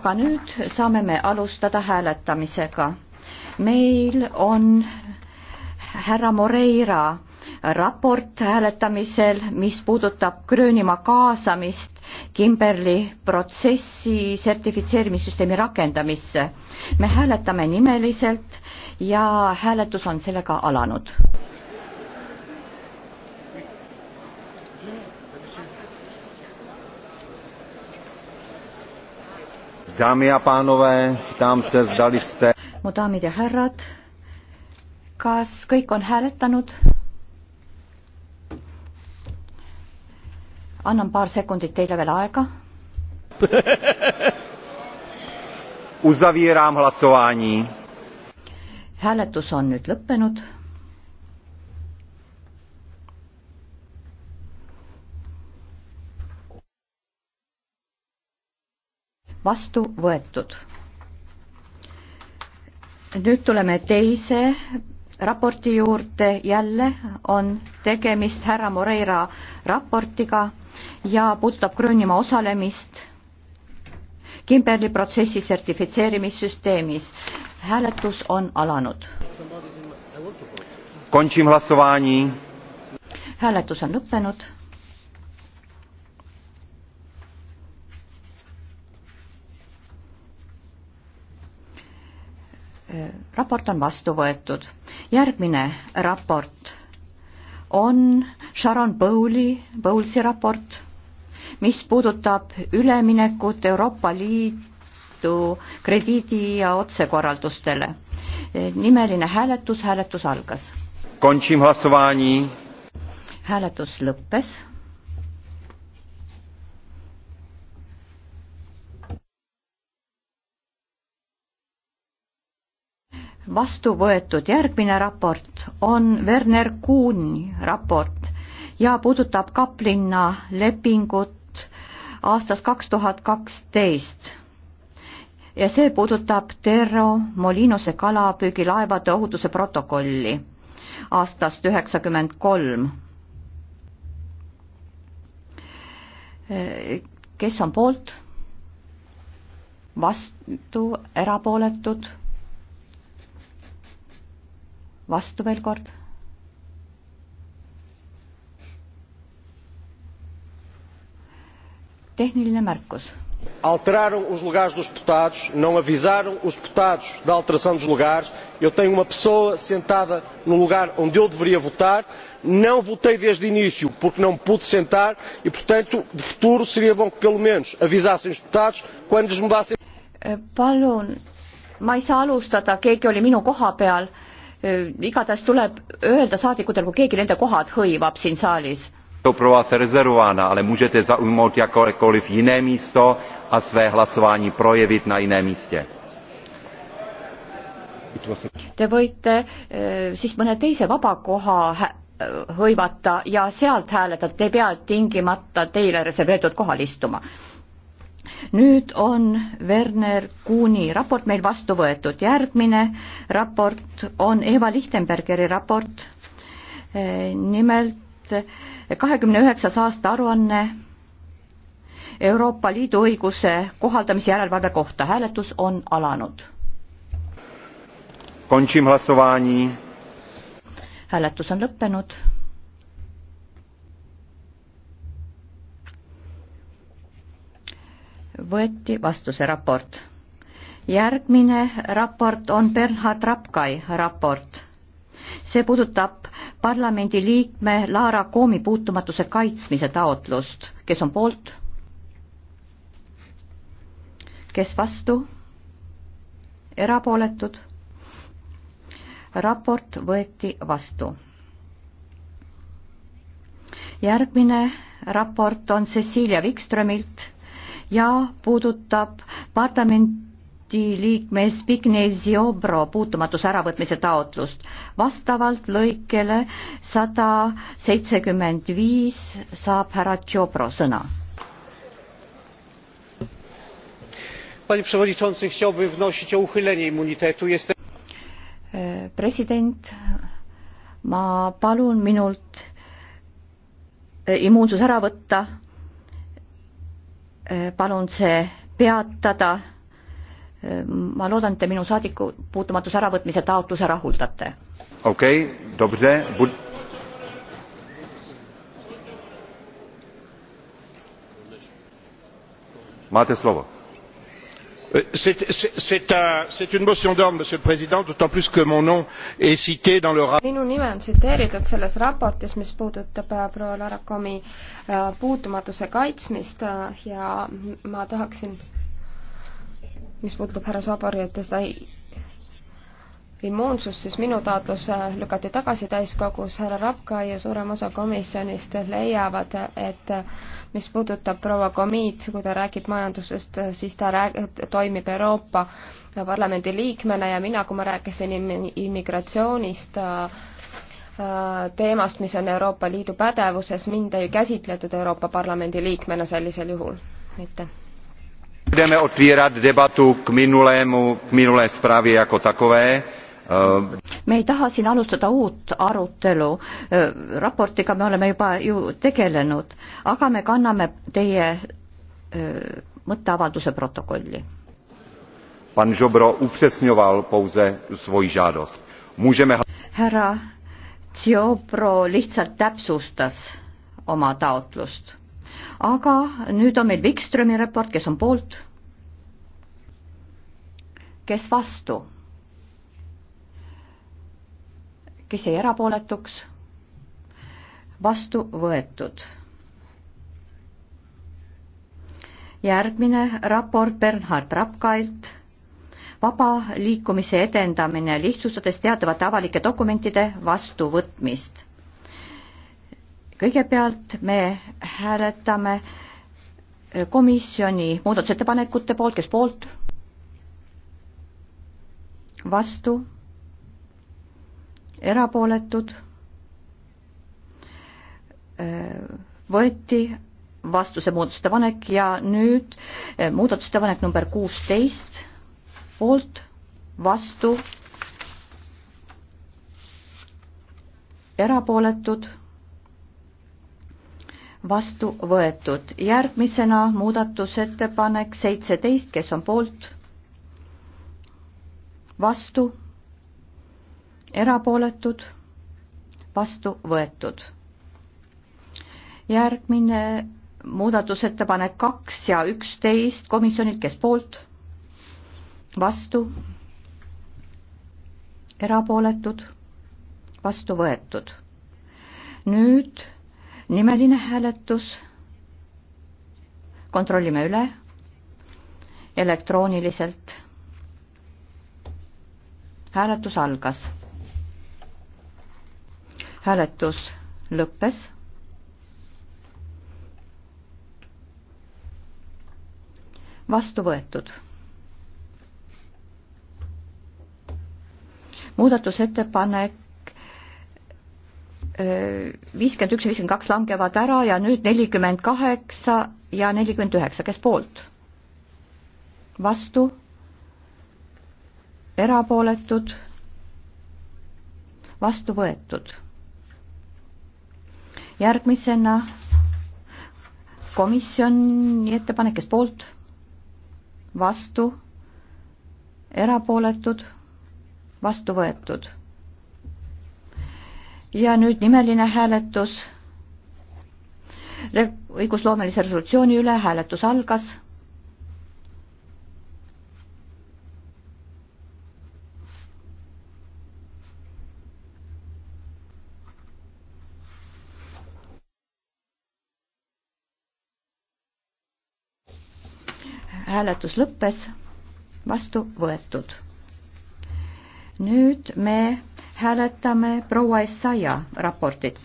aga nüüd saame me alustada hääletamisega. meil on härra Moreira raport hääletamisel, mis puudutab Gröönimaa kaasamist Kimberli protsessi sertifitseerimissüsteemi rakendamisse. me hääletame nimeliselt ja hääletus on sellega alanud. Dámy a pánové, ptám se, zdali jste... Mu daamid ja härrad, kas kõik on hääletanud? Annan paar sekundit teile veel aega. Uzavírám hlasování. Hääletus on nüüd lõppenud. vastu võetud. nüüd tuleme teise raporti juurde, jälle on tegemist härra Moreira raportiga ja puudutab Gröönimaa osalemist Kimberli protsessi sertifitseerimissüsteemis. hääletus on alanud. hääletus on lõppenud raport on vastu võetud. järgmine raport on Sharon Bowley, Bowlesi raport, mis puudutab üleminekut Euroopa Liidu krediidi ja otsekorraldustele. nimeline hääletus, hääletus algas. hääletus lõppes vastu võetud. järgmine raport on Werner Kuhni raport ja puudutab Kaplinna lepingut aastast kaks tuhat kaksteist. ja see puudutab Terro Molinose kalapüügilaevade ohutuse protokolli aastast üheksakümmend kolm. kes on poolt? vastu, erapooletud vastu veel kord. tehniline märkus. Alteraram os lugares dos deputados, não avisaram os deputados da alteração dos lugares. Eu tenho uma pessoa sentada no lugar onde eu deveria votar. Não votei desde o início porque não pude sentar e, portanto, de futuro seria bom que pelo menos avisassem os deputados quando lhes mudassem. Eh, palun, ma ei saa alustada, keegi oli minu koha peal Äh, igatahes tuleb öelda saadikutel, kui keegi nende kohad hõivab siin saalis. to pro vás rezervována, ale můžete zaujmout jakékoliv jiné místo a své hlasování projevit na jiném místě. Te võite äh, siis mõne teise vaba koha äh, hõivata ja sealt hääletada, te ei pea tingimata teile reserveeritud kohal istuma nüüd on Werner Kuuni raport meil vastu võetud. järgmine raport on Eva Lichtenbergeri raport, eh, nimelt eh, kahekümne üheksas aasta aruanne Euroopa Liidu õiguse kohaldamise järelevalve kohta. hääletus on alanud. hääletus on lõppenud võeti vastu see raport. järgmine raport on Bernhard Rapkai raport. see puudutab parlamendiliikme Laara Koomi puutumatuse kaitsmise taotlust, kes on poolt, kes vastu, erapooletud, raport võeti vastu. järgmine raport on Cecilia Wikströmilt ja puudutab parlamenti liikme Spignei Ziobro puutumatuse äravõtmise taotlust. vastavalt lõikele sada seitsekümmend viis saab härra Ziobro sõna. Panie przewodniczący, chciałbym wnosić o uchylenie immunitetu. Jestem... President, ma palun minult e, immuunsus ära võtta Äh, palun see peatada. Äh, ma loodan, et te minu saadiku puutumatuse äravõtmise taotluse rahuldate. okei okay,, dobře. Máte slovo Euh, c'est une motion d'ordre monsieur le président d'autant plus que mon nom est cité dans le minu nime on tsiteeritud selles raportis mis puudutab äh, proua Lara Comi äh, puutumatuse kaitsmist äh, ja ma tahaksin mis puudutab härra Sobori et ta immuunsust, siis minu taotlus äh, lükati tagasi täiskogus, härra Rapka ja suurem osa komisjonist leiavad, et äh, mis puudutab proua Comid, kui ta räägib majandusest, äh, siis ta rääg-, toimib Euroopa Parlamendi liikmena ja mina, kui ma rääkisin immigratsioonist, teemast, mis on Euroopa Liidu pädevuses, mind ei käsitletud Euroopa Parlamendi liikmena sellisel juhul, mitte. budeme otvírat debatu k minulému, k minulé zprávě jako takové Äh, me ei taha siin alustada uut arutelu, äh, raportiga me oleme juba ju tegelenud, aga me kanname teie äh, mõtteavalduse protokolli. Pan Žobro upřesňoval pouze svoji žádost. Můžeme... Härra Tšiobro lihtsalt täpsustas oma taotlust. aga nüüd on meil Wikströmi raport, kes on poolt, kes vastu kes jäi erapooletuks, vastu võetud. järgmine raport Bernhard Rapkailt, vaba liikumise edendamine, lihtsustades teatavate avalike dokumentide vastuvõtmist. kõigepealt me hääletame komisjoni muudatusettepanekute poolt, kes poolt, vastu erapooletud, võeti vastu see muudatustepanek ja nüüd eh, muudatustepanek number kuusteist, poolt, vastu, erapooletud, vastu võetud. järgmisena muudatusettepanek seitseteist, kes on poolt, vastu erapooletud, vastu võetud. järgmine muudatusettepanek kaks ja üksteist komisjonilt, kes poolt, vastu, erapooletud, vastu võetud. nüüd nimeline hääletus. kontrollime üle elektrooniliselt. hääletus algas hääletus lõppes. vastu võetud. muudatusettepanek äh, viiskümmend üks ja viiskümmend kaks langevad ära ja nüüd nelikümmend kaheksa ja nelikümmend üheksa, kes poolt? vastu? erapooletud? vastu võetud järgmisena komisjoni ettepanek, kes poolt, vastu, erapooletud, vastu võetud. ja nüüd nimeline hääletus õigusloomelise resolutsiooni üle, hääletus algas hääletus lõppes, vastu võetud. nüüd me hääletame proua Essaja raportit.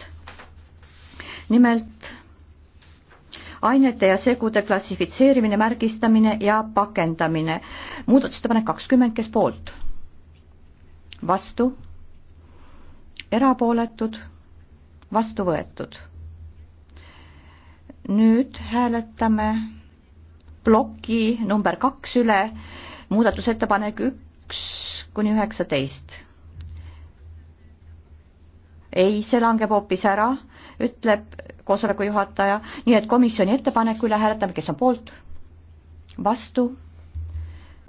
nimelt ainete ja segude klassifitseerimine, märgistamine ja pakendamine. muudatusettepanek kakskümmend, kes poolt? vastu? erapooletud? vastu võetud? nüüd hääletame ploki number kaks üle, muudatusettepanek üks kuni üheksateist. ei, see langeb hoopis ära, ütleb koosoleku juhataja, nii et komisjoni ettepaneku üle hääletame, kes on poolt, vastu,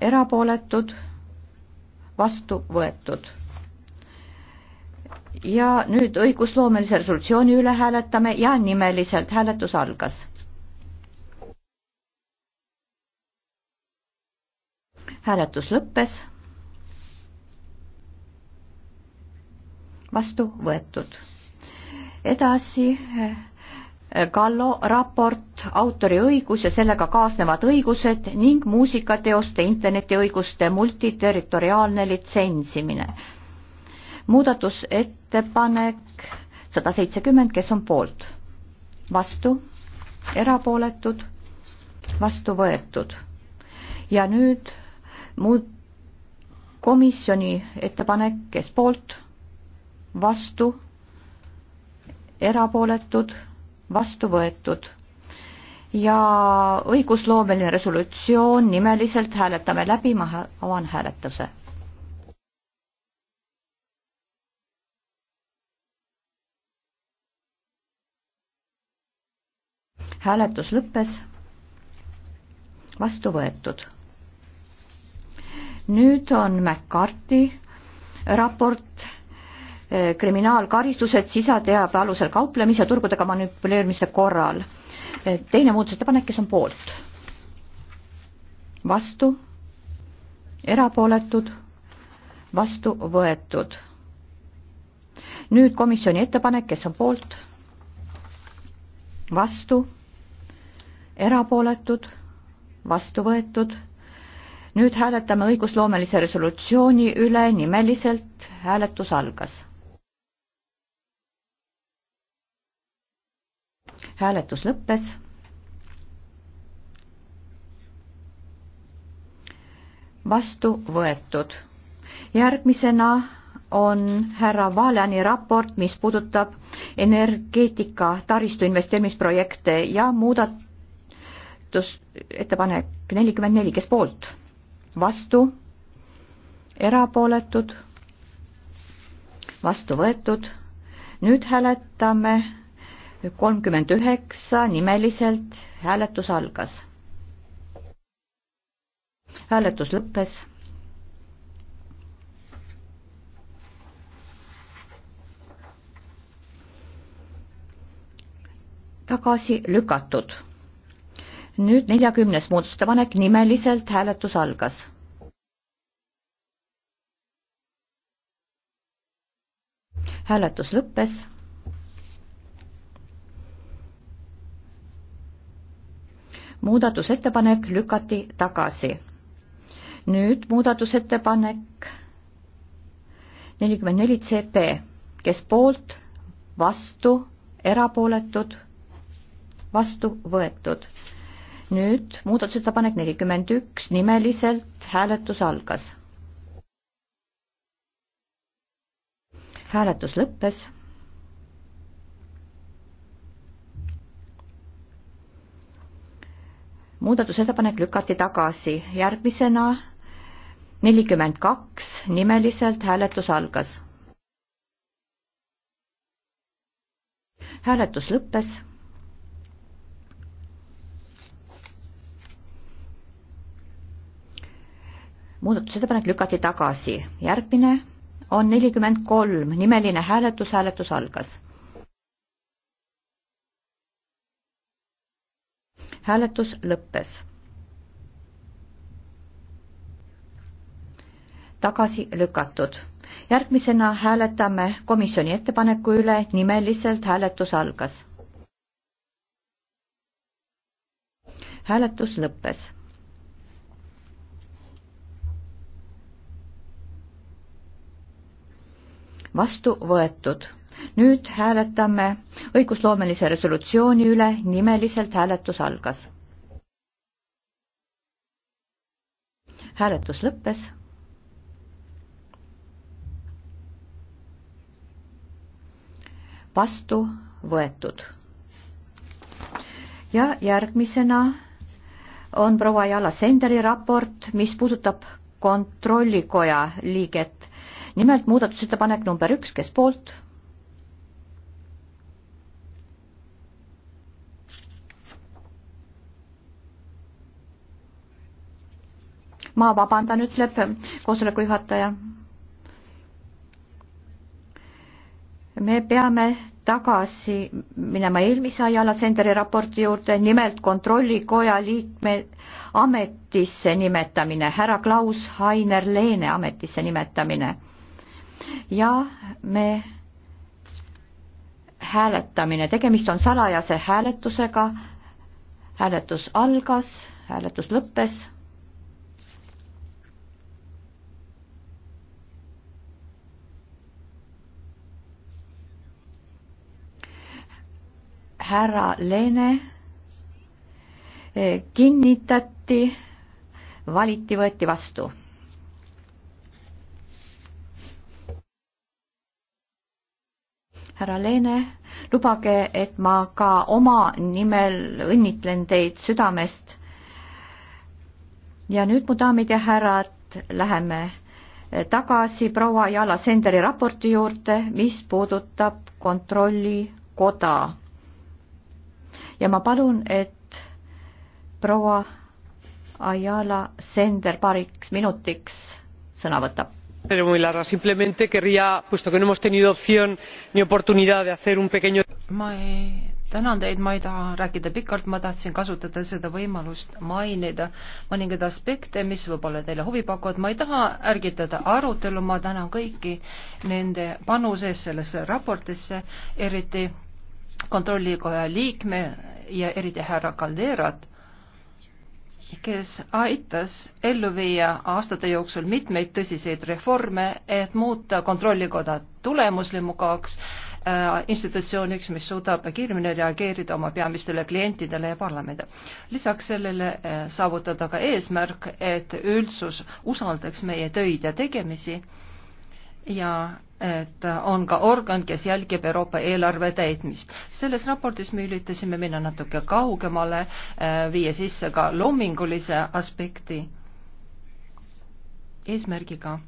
erapooletud, vastu võetud ja nüüd õigusloomelise resolutsiooni üle hääletame ja nimeliselt hääletus algas hääletus lõppes. vastu võetud. edasi eh, Kallo raport autoriõigus ja sellega kaasnevad õigused ning muusikateoste internetiõiguste multiterritoriaalne litsentsimine. muudatusettepanek sada seitsekümmend, kes on poolt? vastu? erapooletud? vastu võetud? ja nüüd muud komisjoni ettepanek, kes poolt, vastu, erapooletud, vastu võetud. ja õigusloomeline resolutsioon nimeliselt hääletame läbi, ma avan hääletuse. hääletus lõppes, vastu võetud nüüd on McCarthy raport eh, kriminaalkaristused sisateabe alusel kauplemise, turgudega manipuleerimise korral. Eh, teine muudatusettepanek, kes on poolt? vastu? erapooletud? vastu võetud? nüüd komisjoni ettepanek, kes on poolt? vastu? erapooletud? vastu võetud? nüüd hääletame õigusloomelise resolutsiooni üle nimeliselt, hääletus algas. hääletus lõppes. vastu võetud. järgmisena on härra Valani raport, mis puudutab energeetika taristu investeerimisprojekte ja muudatus, ettepanek nelikümmend neli, kes poolt? vastu, erapooletud, vastu võetud. nüüd hääletame kolmkümmend üheksa nimeliselt, hääletus algas. hääletus lõppes. tagasi lükatud nüüd neljakümnes muudatusettepanek, nimeliselt hääletus algas. hääletus lõppes. muudatusettepanek lükati tagasi. nüüd muudatusettepanek nelikümmend neli CP, kes poolt, vastu, erapooletud, vastu võetud nüüd muudatusettepanek nelikümmend üks, nimeliselt hääletus algas. hääletus lõppes muudatusettepanek lükati tagasi, järgmisena nelikümmend kaks nimeliselt hääletus algas. hääletus lõppes muudatusettepanek lükati tagasi, järgmine on nelikümmend kolm, nimeline hääletus, hääletus algas. hääletus lõppes. tagasi lükatud. järgmisena hääletame komisjoni ettepaneku üle, nimeliselt hääletus algas. hääletus lõppes vastu võetud. nüüd hääletame õigusloomelise resolutsiooni üle, nimeliselt hääletus algas. hääletus lõppes. vastu võetud. ja järgmisena on proua Jala Senderi raport, mis puudutab kontrollikoja liiget nimelt muudatusettepanek number üks, kes poolt? ma vabandan, ütleb koosoleku juhataja. me peame tagasi minema eelmise ajala Senderi raporti juurde, nimelt kontrollikoja liikme ametisse nimetamine, härra Klaus Hainer Leene ametisse nimetamine ja me hääletamine, tegemist on salajase hääletusega, hääletus algas, hääletus lõppes härra Lene eh, kinnitati, valiti, võeti vastu härra Leene, lubage, et ma ka oma nimel õnnitlen teid südamest. ja nüüd, mu daamid ja härrad, läheme tagasi proua Jala Senderi raporti juurde, mis puudutab kontrollikoda. ja ma palun, et proua Ajala Sender paariks minutiks sõna võtab seré muy breve simplemente querría puesto que no hemos tenido opción ni oportunidad de hacer un pequeño. ma ei tänan teid ma ei taha rääkida pikalt ma tahtsin kasutada seda võimalust mainida mõningaid aspekte mis võibolla teile huvi pakuvad ma ei taha ärgitada arutelu ma tänan kõiki nende panuse eest sellesse raportisse eriti kontrollikoja liikme ja eriti härra Kalderat kes aitas ellu viia aastate jooksul mitmeid tõsiseid reforme, et muuta Kontrollikoda tulemuslikumaks äh, institutsiooniks, mis suudab kiiremini reageerida oma peamistele klientidele ja parlamendile. lisaks sellele äh, saavutada ka eesmärk, et üldsus usaldaks meie töid ja tegemisi äh, ja et on ka organ, kes jälgib Euroopa eelarve täitmist. selles raportis me üritasime minna natuke kaugemale, äh, viia sisse ka loomingulise aspekti eesmärgiga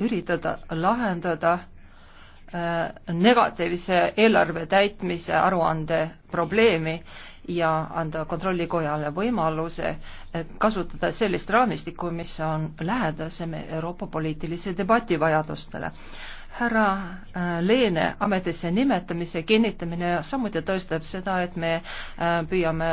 üritada lahendada äh, negatiivse eelarve täitmise aruande probleemi ja anda Kontrollikojale võimaluse kasutada sellist raamistikku, mis on lähedasem Euroopa poliitilise debati vajadustele härra äh, Leene ametisse nimetamise kinnitamine samuti tõestab seda, et me äh, püüame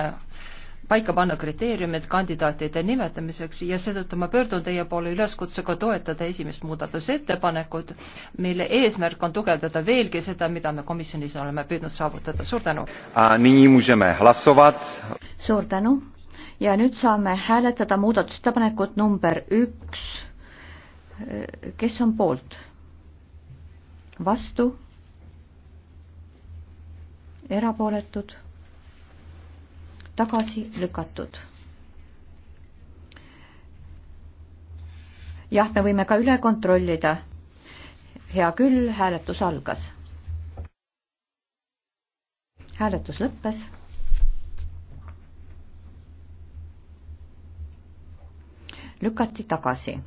paika panna kriteeriumid kandidaatide nimetamiseks ja seetõttu ma pöördun teie poole üleskutsega toetada esimest muudatusettepanekut, mille eesmärk on tugevdada veelgi seda, mida me komisjonis oleme püüdnud saavutada. suur tänu! suur tänu ja nüüd saame hääletada muudatusettepanekut number üks. kes on poolt? vastu? erapooletud tagasi lükatud. jah, me võime ka üle kontrollida. hea küll, hääletus algas. hääletus lõppes. lükati tagasi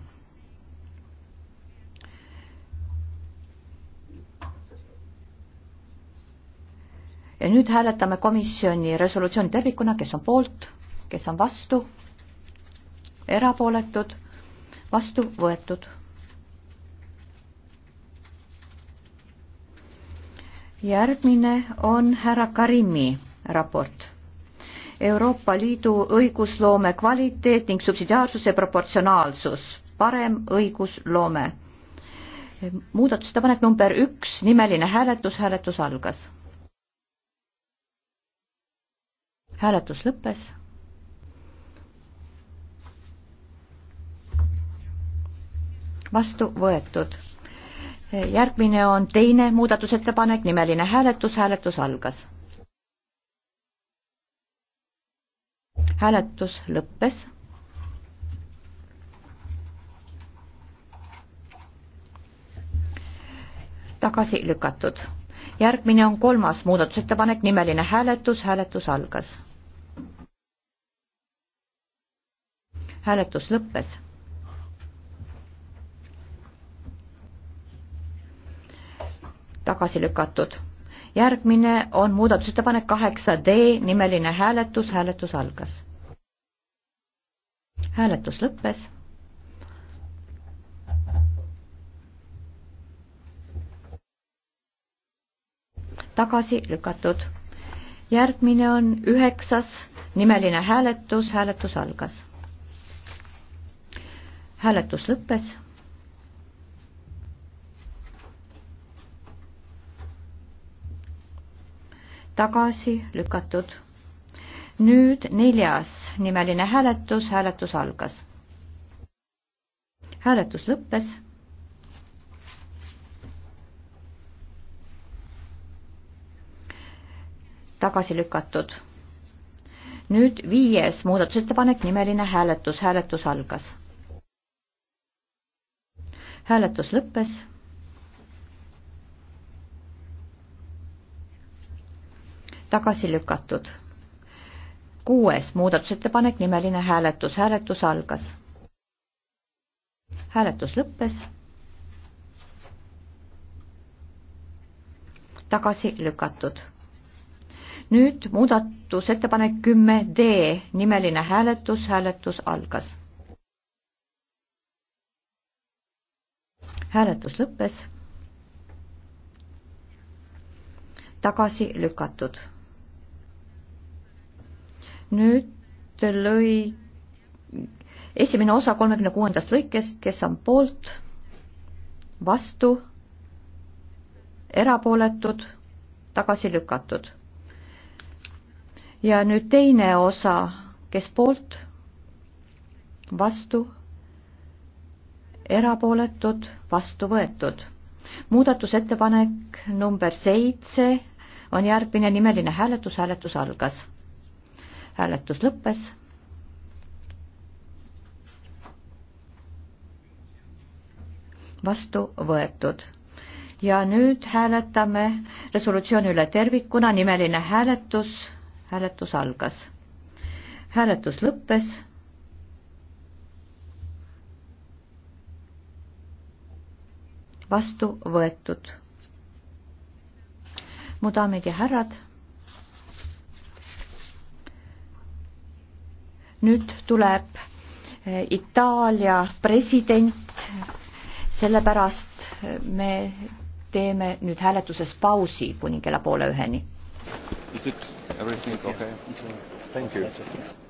nüüd hääletame komisjoni resolutsiooni tervikuna, kes on poolt, kes on vastu, erapooletud, vastu võetud. järgmine on härra Karimi raport Euroopa Liidu õigusloome kvaliteet ning subsidiaarsuse proportsionaalsus, parem õigusloome. muudatusettepanek number üks, nimeline hääletus, hääletus algas hääletus lõppes. vastu võetud. järgmine on teine muudatusettepanek, nimeline hääletus, hääletus algas. hääletus lõppes. tagasi lükatud. järgmine on kolmas muudatusettepanek, nimeline hääletus, hääletus algas hääletus lõppes. tagasi lükatud. järgmine on muudatusettepanek kaheksa D nimeline hääletus, hääletus algas. hääletus lõppes. tagasi lükatud. järgmine on üheksas nimeline hääletus, hääletus algas hääletus lõppes. tagasi lükatud. nüüd neljas nimeline hääletus, hääletus algas. hääletus lõppes tagasi lükatud. nüüd viies muudatusettepanek, nimeline hääletus, hääletus algas hääletus lõppes. tagasi lükatud. kuues muudatusettepanek, nimeline hääletus, hääletus algas. hääletus lõppes. tagasi lükatud nüüd muudatusettepanek kümme D, nimeline hääletus, hääletus algas hääletus lõppes. tagasi lükatud. nüüd lõi esimene osa kolmekümne kuuendast lõikest, kes on poolt, vastu, erapooletud, tagasi lükatud. ja nüüd teine osa, kes poolt, vastu erapooletud, vastu võetud. muudatusettepanek number seitse on järgmine nimeline hääletus, hääletus algas. hääletus lõppes. vastu võetud. ja nüüd hääletame resolutsiooni üle tervikuna, nimeline hääletus, hääletus algas. hääletus lõppes vastu võetud. mu daamid ja härrad. nüüd tuleb eh, Itaalia president, sellepärast eh, me teeme nüüd hääletuses pausi kuni kella poole üheni. Is it everything okay? Thank you.